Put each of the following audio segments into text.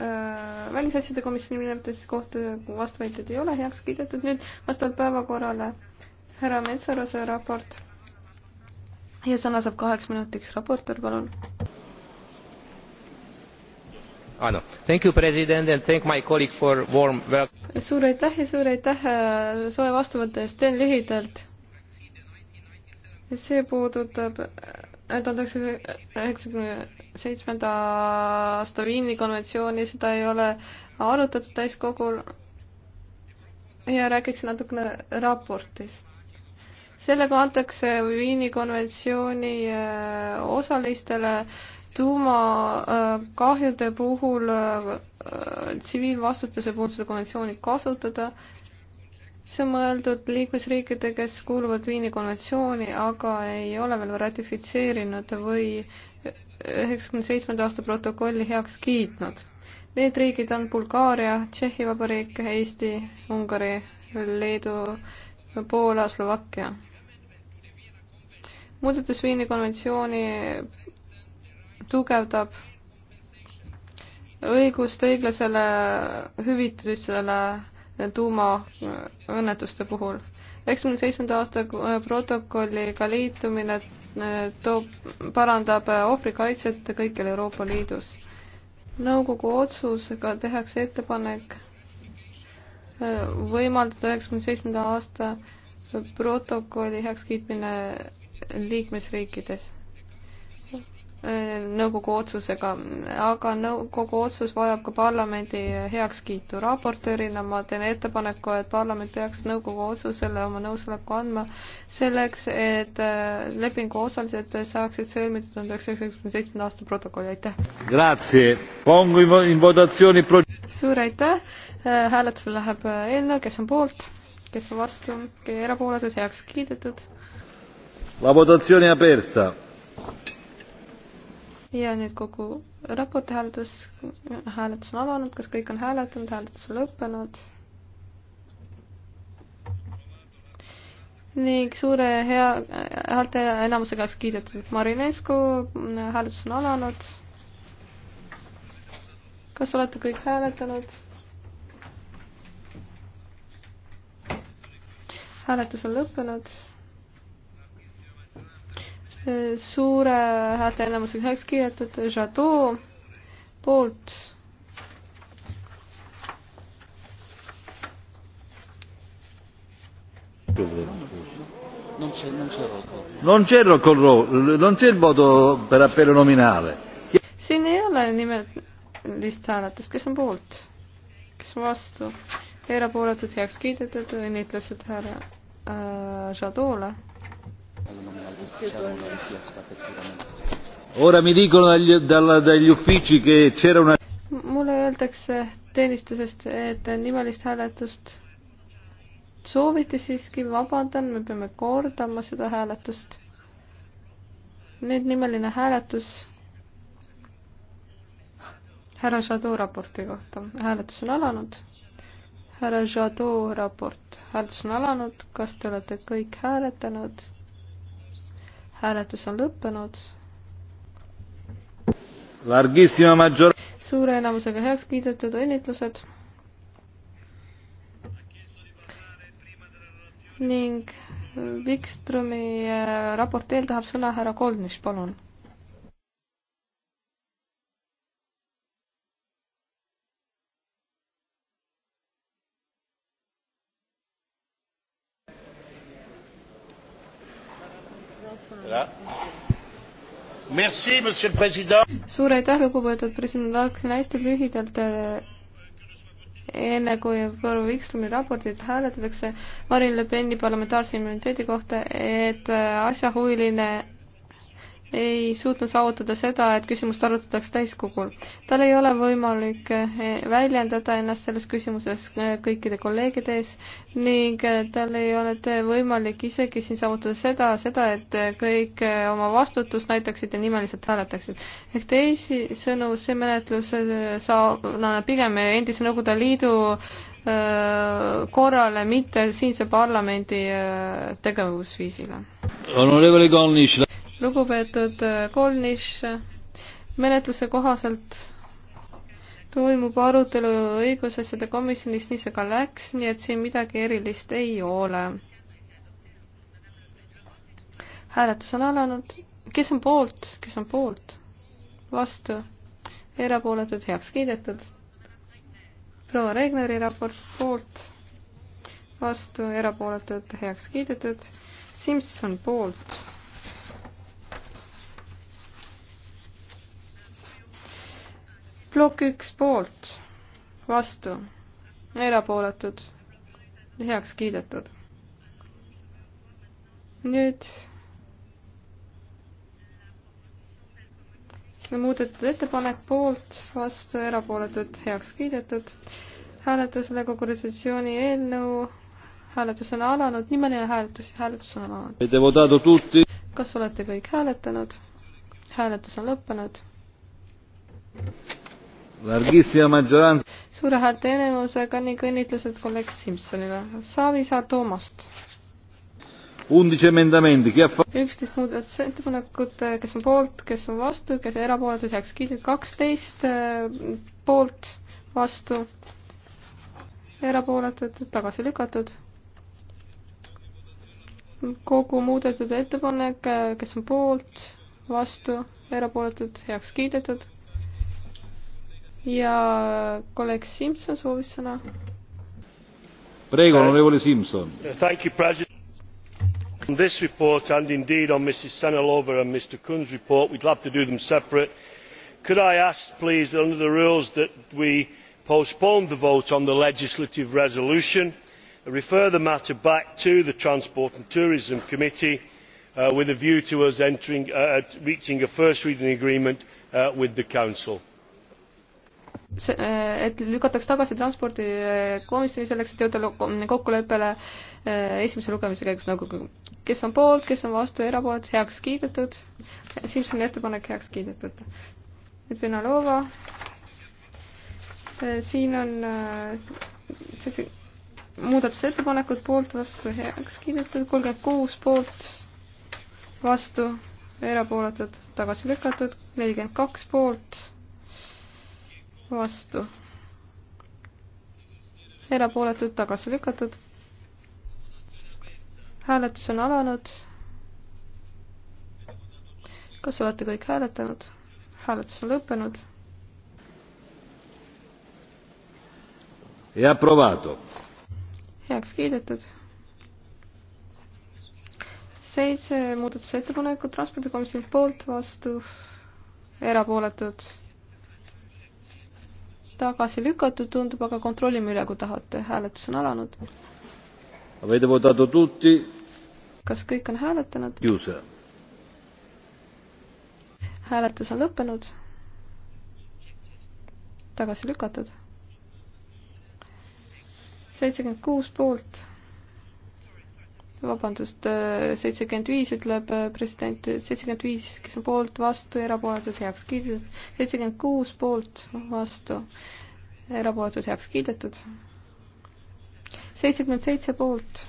Äh, välisasjade komisjoni nimetamise kohta vastuväiteid ei ole heaks kiidetud. nüüd vastavalt päevakorrale härra Metsarose raport. ja sõna saab kaheks minutiks raportöör, palun. Anno, thank you president and thank my colleague for warm welcome. suur aitäh ja suur aitäh äh, soe vastuvõtte eest, teen lühidalt. see puudutab äh, tuhande üheksasaja üheksakümne seitsmenda aasta Viini konventsiooni, seda ei ole arutatud täiskogul. ja räägiks natukene raportist. sellega antakse Viini konventsiooni äh, osalistele tuumakahjude äh, puhul äh, tsiviilvastutuse puhul seda konventsiooni kasutada. see on mõeldud liikmesriikide, kes kuuluvad Viini konventsiooni, aga ei ole veel ratifitseerinud või üheksakümne seitsmenda aasta protokolli heaks kiitnud. Need riigid on Bulgaaria, Tšehhi Vabariik, Eesti, Ungari, Leedu, Poola, Slovakkia. muudatus Viini konventsiooni tugevdab õigust õiglasele hüvitisele tuumaõnnetuste puhul üheksakümne seitsmenda aasta äh, protokolliga liitumine äh, toob, parandab äh, ohvrikaitset kõikjal Euroopa Liidus. nõukogu otsusega tehakse ettepanek võimaldada üheksakümne seitsmenda aasta protokolli heakskiitmine liikmesriikides nõukogu otsusega, aga nõukogu otsus vajab ka parlamendi heakskiitu. raportöörina ma teen ettepaneku, et parlament peaks nõukogu otsusele oma nõusoleku andma selleks, et äh, lepingu osalised saaksid sõlmida tuhande üheksasaja üheksakümne seitsmenda aasta protokolli, aitäh! suur aitäh, äh, hääletusel läheb äh, eelnõu, kes on poolt, kes on vastu, erapooletud, heaks kiidetud. La votazione è aperta ja nüüd kogu raporti hääletus, hääletus on avanud, kas kõik on hääletanud, hääletus on lõppenud. ning suure hea häälte enamusega heaks kiidetud Marinescu, hääletus on alanud. kas olete kõik hääletanud? hääletus on lõppenud suure häälteenamusega heaks kiidetud, Jadot poolt. Non c'è non c'è il voto per appello nominale. siin ei ole nimelist hääletust, kes on poolt, kes on vastu, erapooletud heaks kiidetud, õnnitlused härra äh, Jadole. Ora mi dicono dagli, dalla, dagli uffici che c'era una... mulle öeldakse teenistusest, et nimelist hääletust sooviti siiski, vabandan, me peame kordama seda hääletust. nüüd nimeline hääletus härra Jadot raporti kohta. hääletus on alanud. härra Jadot raport, hääletus on alanud, kas te olete kõik hääletanud? hääletus on lõppenud. suure enamusega heaks kiidetud, õnnitlused. ning Wikströmi eh, raporteel tahab sõna härra Koldnis, palun suur aitäh, lugupeetud president, tahaksin hästi lühidalt äh, enne kui Võru Wikströmi raportit hääletatakse Marine Le Peni parlamentaarse immuniteedi kohta, et äh, asjahuviline ei suutnud saavutada seda, et küsimust arutataks täiskogul. tal ei ole võimalik eh, väljendada ennast selles küsimuses eh, kõikide kolleegide ees ning eh, tal ei ole võimalik isegi siin saavutada seda, seda, et kõik oma vastutust näitaksid ja nimeliselt hääletaksid. ehk teisisõnu, see menetlus sarnaneb pigem endise Nõukogude Liidu korrale, mitte siinse parlamendi tegevusviisile lugupeetud äh, Kolnis, menetluse kohaselt toimub arutelu õigusasjade komisjonis, nii see ka läks, nii et siin midagi erilist ei ole. hääletus on alanud, kes on poolt, kes on poolt, vastu, erapooletud, heaks kiidetud. proua Regneri raport poolt, vastu, erapooletud, heaks kiidetud. Simson poolt plokk üks poolt, vastu, erapooletud, heaks kiidetud. nüüd muudetud ettepanek poolt, vastu, erapooletud, heaks kiidetud. hääletusele kogu resolutsiooni eelnõu, hääletus on alanud, nimeline hääletus, hääletus on alanud. kas olete kõik hääletanud? hääletus on lõppenud suure häälte enamusega ning õnnitlused kolleeg Simsonile. Savisaar Toomast. üksteist muudatusettepanekut, kes on poolt, kes on vastu, kes erapooletud, heaks kiidnud, kaksteist äh, poolt, vastu, erapooletud, tagasi lükatud. kogu muudetud ettepanek, äh, kes on poolt, vastu, erapooletud, heaks kiidetud ja kolleeg Simson soovis sõna. Prego, onorevole Simson. Thank you, president. On this report and indeed on Mrs Senelova and Mr Kuhn's report, we'd love to do them separate. Could I ask, please, under the rules that we postpone the vote on the legislative resolution, refer the matter back to the Transport and Tourism Committee uh, with a view to us entering, uh, reaching a first reading agreement uh, with the Council? Äh, et lükatakse tagasi transpordikomisjoni äh, selleks, et jõuda kokkuleppele äh, esimese lugemise käigus nagu kes on poolt, kes on vastu, erapoolt, heaks kiidetud. Simsoni ettepanek heaks kiidetud. nüüd Vinalova. siin on muudatusettepanekud poolt, vastu, heaks kiidetud, kolmkümmend kuus poolt, vastu, erapooletud, tagasi lükatud, nelikümmend kaks poolt, vastu, erapooletud, tagasi lükatud. hääletus on alanud. kas olete kõik hääletanud? hääletus on lõppenud. heaks kiidetud seitse muudatusettepanekut transpordikomisjoni poolt, vastu erapooletud tagasi lükatud, tundub, aga kontrollime üle, kui tahate. hääletus on alanud. kas kõik on hääletanud? hääletus on lõppenud. tagasi lükatud. seitsekümmend kuus poolt vabandust, äh, seitsekümmend viis ütleb äh, president, seitsekümmend viis, kes on poolt, vastu, erapooletud, heaks kiidetud, seitsekümmend kuus poolt, vastu, erapooletud, heaks kiidetud, seitsekümmend seitse poolt,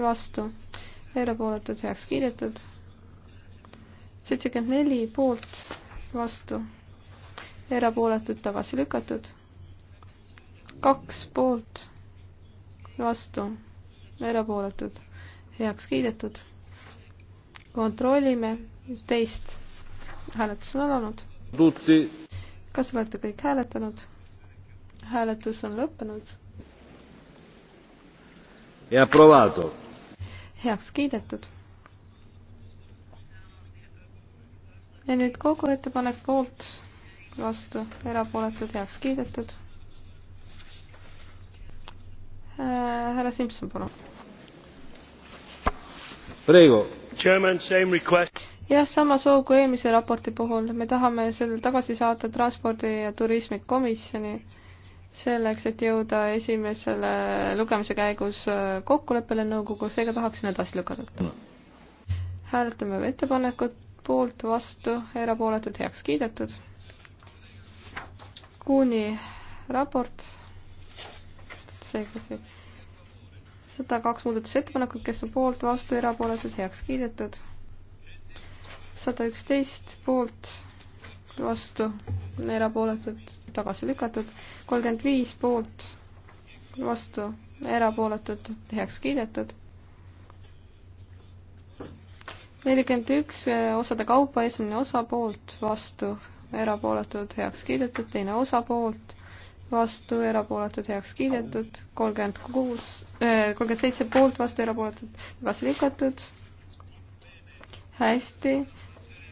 vastu, erapooletud, heaks kiidetud, seitsekümmend neli poolt, vastu, erapooletud, tagasi lükatud, kaks poolt, vastu, erapooletud heaks kiidetud. kontrollime teist. hääletus on alanud. kas olete kõik hääletanud? hääletus on lõppenud. heaks kiidetud. ja nüüd kogu ettepanek poolt, vastu, erapooletud, heaks kiidetud. Äh, härra Simson, palun jah, sama soov kui eelmise raporti puhul, me tahame selle tagasi saata Transpordi- ja Turismikomisjoni selleks, et jõuda esimesele lugemise käigus äh, kokkuleppele nõukogu, seega tahaksin edasi lükata. hääletame ettepanekut poolt, vastu, erapooletud, heaks kiidetud. Kuuni raport, seega see sada kaks muudatusettepanekut, kes on poolt, vastu, erapooletud, heaks kiidetud. sada üksteist poolt, vastu, erapooletud, tagasi lükatud. kolmkümmend viis poolt, vastu, erapooletud, heaks kiidetud. nelikümmend üks eh, osade kaupa, esimene osa poolt, vastu, erapooletud, heaks kiidetud, teine osa poolt, vastu, erapooletud, heaks kiidetud, kolmkümmend kuus, äh, kolmkümmend seitse poolt, vastu, erapooletud, tagasi lükatud. hästi,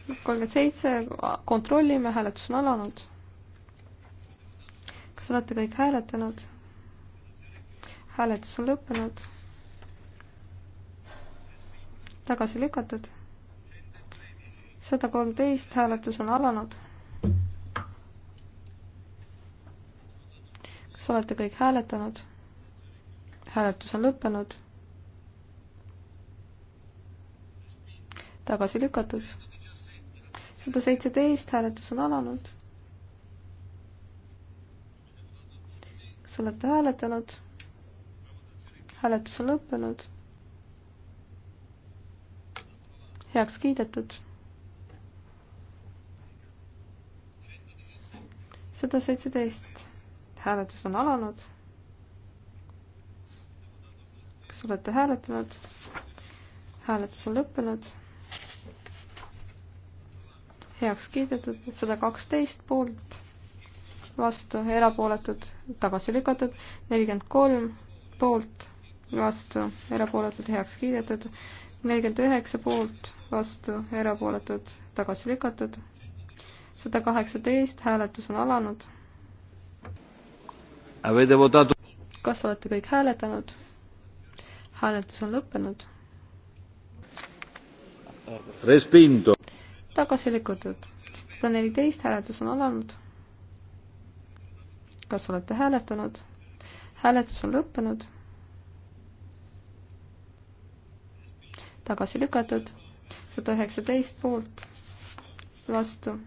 kolmkümmend seitse, kontrollime, hääletus on alanud. kas olete kõik hääletanud? hääletus on lõppenud. tagasi lükatud. sada kolmteist, hääletus on alanud kas olete kõik hääletanud? hääletus on lõppenud. tagasi lükatud. sada seitseteist, hääletus on alanud. kas olete hääletanud? hääletus on lõppenud. heaks kiidetud sada seitseteist hääletus on alanud. kas olete hääletanud? hääletus on lõppenud. heaks kiidetud sada kaksteist poolt, vastu erapooletud, tagasi lükatud, nelikümmend kolm poolt, vastu erapooletud, heaks kiidetud, nelikümmend üheksa poolt, vastu erapooletud, tagasi lükatud, sada kaheksateist, hääletus on alanud kas olete kõik hääletanud? hääletus on lõppenud. tagasi lükatud. sada neliteist hääletus on alanud. kas olete hääletanud? hääletus on lõppenud. tagasi lükatud. sada üheksateist poolt, vastu,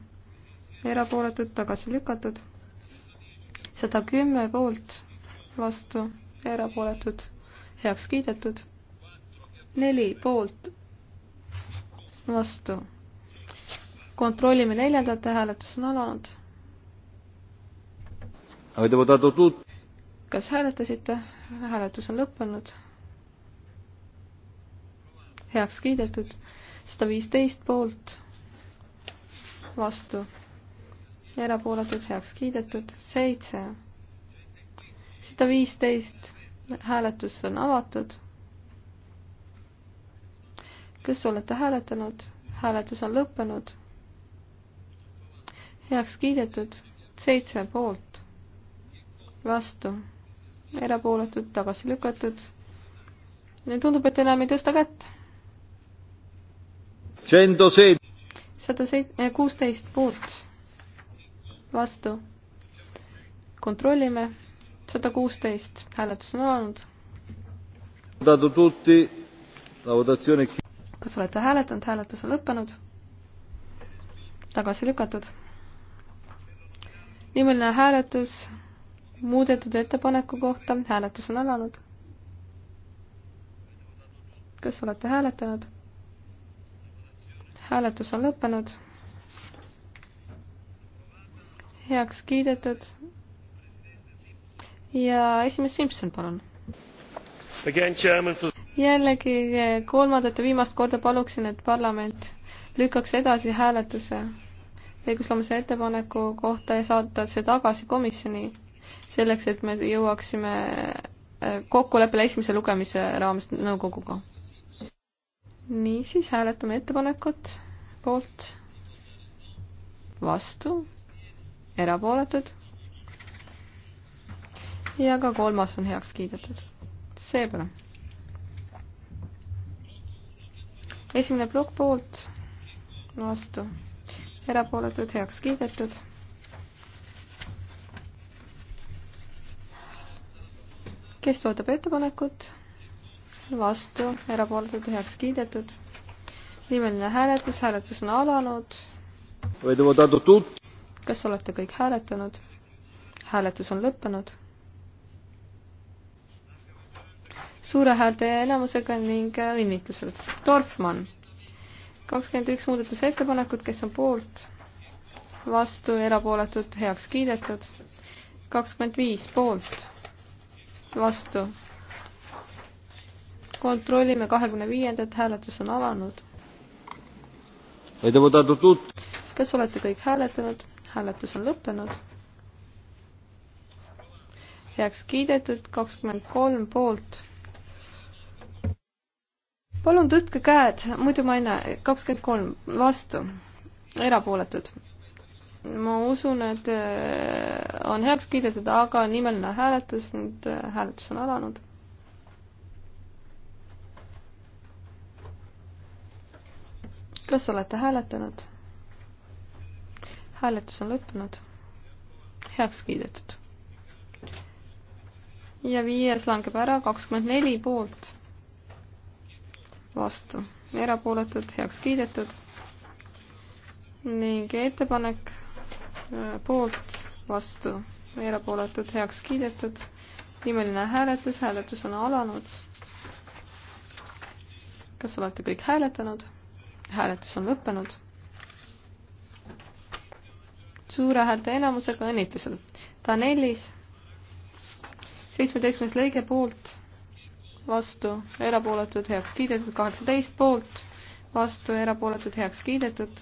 erapooletud, tagasi lükatud sada kümme poolt, vastu, erapooletud, heaks kiidetud. neli poolt, vastu. kontrollime neljandat, hääletus on alanud. kas hääletasite? hääletus on lõppenud. heaks kiidetud, sada viisteist poolt, vastu erapooletud, heaks kiidetud, seitse, sada viisteist, hääletus on avatud. kas olete hääletanud? hääletus on lõppenud. heaks kiidetud, seitse poolt, vastu, erapooletud, tagasi lükatud. tundub, et enam ei tõsta kätt. sada seit-, eh, kuusteist poolt vastu. kontrollime, sada kuusteist, hääletus on alanud. kas olete hääletanud, hääletus on lõppenud? tagasi lükatud. nimeline hääletus muudetud ettepaneku kohta, hääletus on alanud. kas olete hääletanud? hääletus on lõppenud heaks kiidetud. ja esimees Simson, palun. jällegi kolmandat ja viimast korda paluksin, et parlament lükkaks edasi hääletuse õigusloomse ettepaneku kohta ja saata see tagasi komisjoni selleks, et me jõuaksime äh, kokkuleppele esimese lugemise raames nõukoguga. niisiis hääletame ettepanekut poolt, vastu erapooletud. ja ka kolmas on heaks kiidetud. seega. esimene plokk poolt, vastu, erapooletud, heaks kiidetud kes toetab ettepanekut, vastu, erapooletud, heaks kiidetud. nimeline hääletus, hääletus on alanud kas olete kõik hääletanud? hääletus on lõppenud. suure häälte enamusega ning äh, õnnitlused. Dorfmann, kakskümmend üks muudatusettepanekut, kes on poolt, vastu, erapooletud, heaks kiidetud. kakskümmend viis poolt, vastu. kontrollime kahekümne viiendat, hääletus on alanud. kas olete kõik hääletanud? hääletus on lõppenud. heaks kiidetud kakskümmend kolm poolt. palun tõstke käed, muidu ma ei näe, kakskümmend kolm vastu, erapooletud. ma usun, et äh, on heaks kiidetud, aga nimeline hääletus, nüüd äh, hääletus on alanud. kas olete hääletanud? hääletus on lõppenud, heaks kiidetud. ja viies langeb ära, kakskümmend neli poolt, vastu, erapooletud, heaks kiidetud ning ettepanek äh, poolt, vastu, erapooletud, heaks kiidetud, nimeline hääletus, hääletus on alanud. kas olete kõik hääletanud? hääletus on lõppenud suure häälte enamusega õnnitlused. Danelis seitsmeteistkümnes lõige poolt, vastu, erapooletud, heaks kiidetud, kaheksateist poolt, vastu, erapooletud, heaks kiidetud,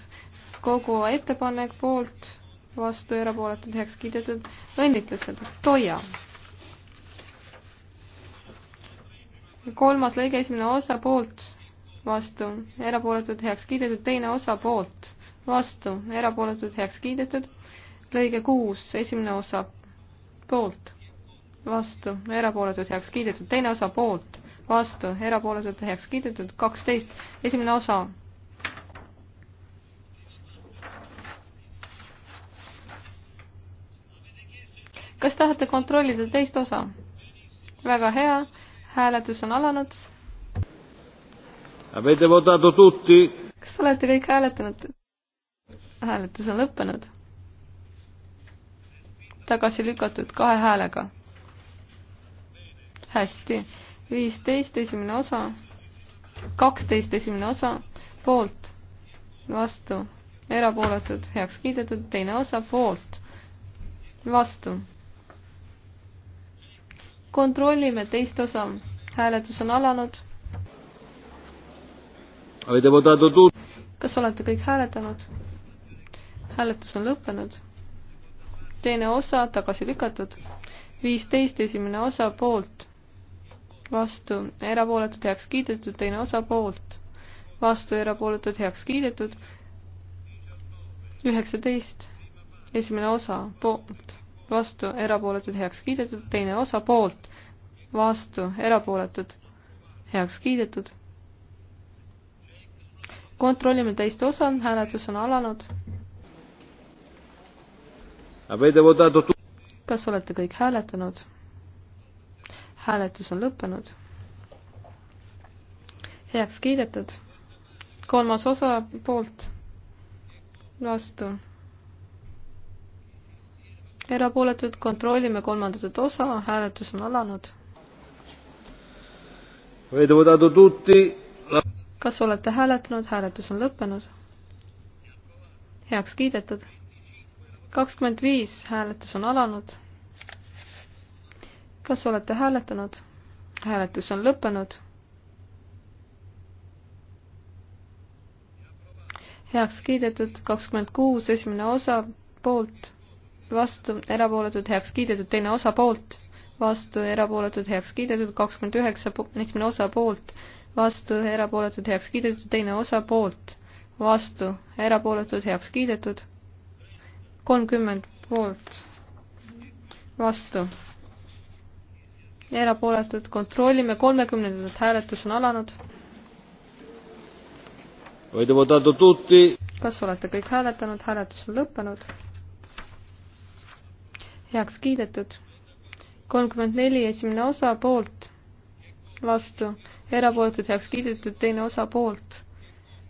kogu ettepanek poolt, vastu, erapooletud, heaks kiidetud, õnnitlused, Toia. kolmas lõige, esimene osa poolt, vastu, erapooletud, heaks kiidetud, teine osa poolt vastu, erapooletud heaks kiidetud. lõige kuus, esimene osa poolt, vastu, erapooletud heaks kiidetud, teine osa poolt, vastu, erapooletud heaks kiidetud, kaksteist, esimene osa kas tahate kontrollida teist osa? väga hea, hääletus on alanud. kas olete kõik hääletanud? hääletus on lõppenud. tagasi lükatud kahe häälega. hästi, viisteist esimene osa, kaksteist esimene osa, poolt, vastu, erapooletud, heaks kiidetud, teine osa, poolt, vastu. kontrollime teist osa, hääletus on alanud. kas olete kõik hääletanud? hääletus on lõppenud. teine osa tagasi lükatud. viisteist esimene osa poolt, vastu, erapooletud heaks kiidetud, teine osa poolt, vastu, erapooletud heaks kiidetud. üheksateist esimene osa poolt, vastu, erapooletud heaks kiidetud, teine osa poolt, vastu, erapooletud heaks kiidetud kontrollime teist osa, hääletus on alanud kas olete kõik hääletanud? hääletus on lõppenud. heaks kiidetud. kolmas osa poolt, vastu. erapooletud, kontrollime kolmandat osa, hääletus on alanud. kas olete hääletanud, hääletus on lõppenud. heaks kiidetud kakskümmend viis hääletus on alanud. kas olete hääletanud? hääletus on lõppenud. heaks kiidetud kakskümmend kuus, esimene osa poolt, vastu, erapooletud, heaks kiidetud, teine osa poolt, vastu, erapooletud, heaks kiidetud, kakskümmend üheksa, esimene osa poolt, vastu, erapooletud, heaks kiidetud, teine osa poolt, vastu, erapooletud, heaks kiidetud kolmkümmend poolt, vastu, erapooletud, kontrollime, kolmekümnendat hääletus on alanud. kas olete kõik hääletanud, hääletus on lõppenud? heaks kiidetud. kolmkümmend neli, esimene osa poolt, vastu, erapooletud heaks kiidetud, teine osa poolt,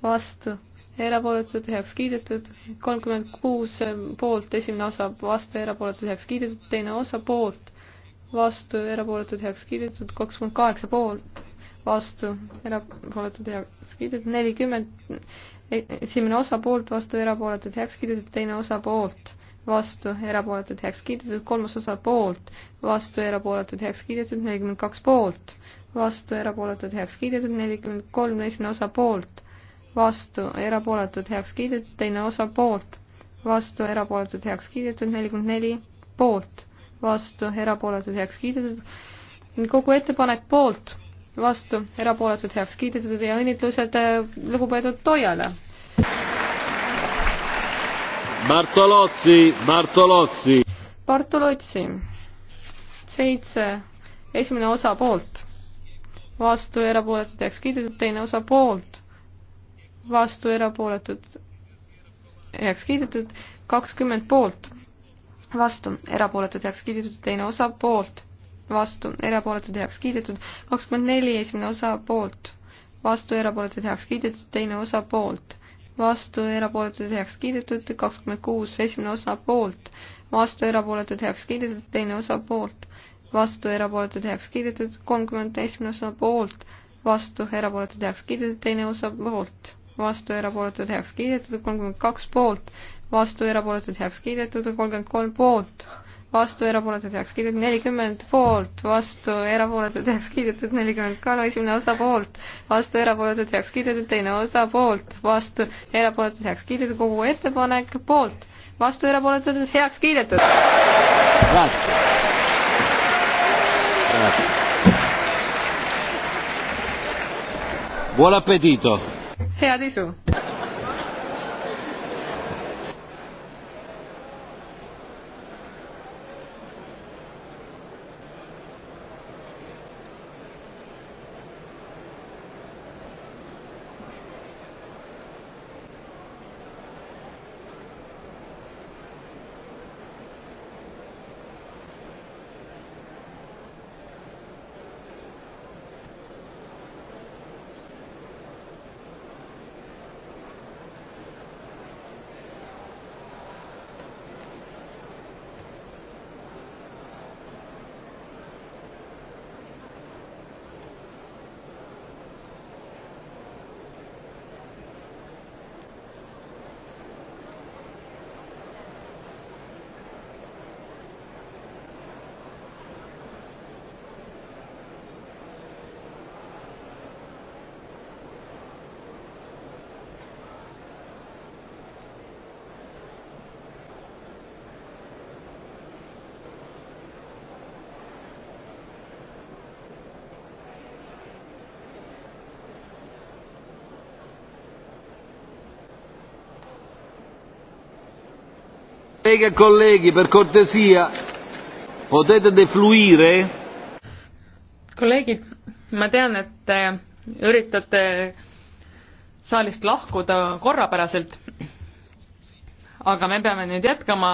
vastu erapooletud, heaks kiidetud, kolmkümmend kuus poolt, esimene osa vastu, erapooletud, heaks kiidetud, teine osa poolt, vastu, erapooletud, heaks kiidetud, kakskümmend kaheksa poolt, vastu, erapooletud, heaks kiidetud, nelikümmend, e-, esimene osa poolt, vastu, erapooletud, heaks kiidetud, teine osa poolt, vastu, erapooletud, heaks kiidetud, kolmas osa poolt, vastu, erapooletud, heaks kiidetud, nelikümmend kaks poolt, vastu, erapooletud, heaks kiidetud, nelikümmend kolm, esimene osa poolt vastu, erapooletud, heaks kiidetud, teine osa poolt, vastu, erapooletud, heaks kiidetud, nelikümmend neli poolt, vastu, erapooletud, heaks kiidetud, kogu ettepanek poolt, vastu, erapooletud, heaks kiidetud ja õnnitlused äh, lugupeetud Toiale. Bartolozzi, Bartolozzi. Bartolozzi, seitse, esimene osa poolt, vastu, erapooletud, heaks kiidetud, teine osa poolt vastu erapooletud heaks kiidetud, kakskümmend poolt, vastu, erapooletud heaks kiidetud, teine osa poolt, vastu, erapooletud heaks kiidetud, kakskümmend neli, esimene osa poolt, vastu, erapooletud heaks kiidetud, teine osa poolt, vastu, erapooletud heaks kiidetud, kakskümmend kuus, esimene osa poolt, vastu, erapooletud heaks kiidetud, teine osa poolt, vastu, erapooletud heaks kiidetud, kolmkümmend esimene osa poolt, vastu, erapooletud heaks kiidetud, teine osa poolt vastu, erapooletud, heaks kiidetud, kolmkümmend kaks poolt, vastu, erapooletud, heaks kiidetud, kolmkümmend kolm poolt, vastu, erapooletud, heaks kiidetud, nelikümmend poolt, vastu, erapooletud, heaks kiidetud, nelikümmend kolm, esimene osa poolt, vastu, erapooletud, heaks kiidetud, teine osa poolt, vastu, erapooletud, heaks kiidetud, kogu ettepanek poolt, vastu, erapooletud, heaks kiidetud. Buon appetito! head isu! Colleghe e colleghi, per cortesia, potete defluire? kolleegid, ma tean, et te üritate saalist lahkuda korrapäraselt, aga me peame nüüd jätkama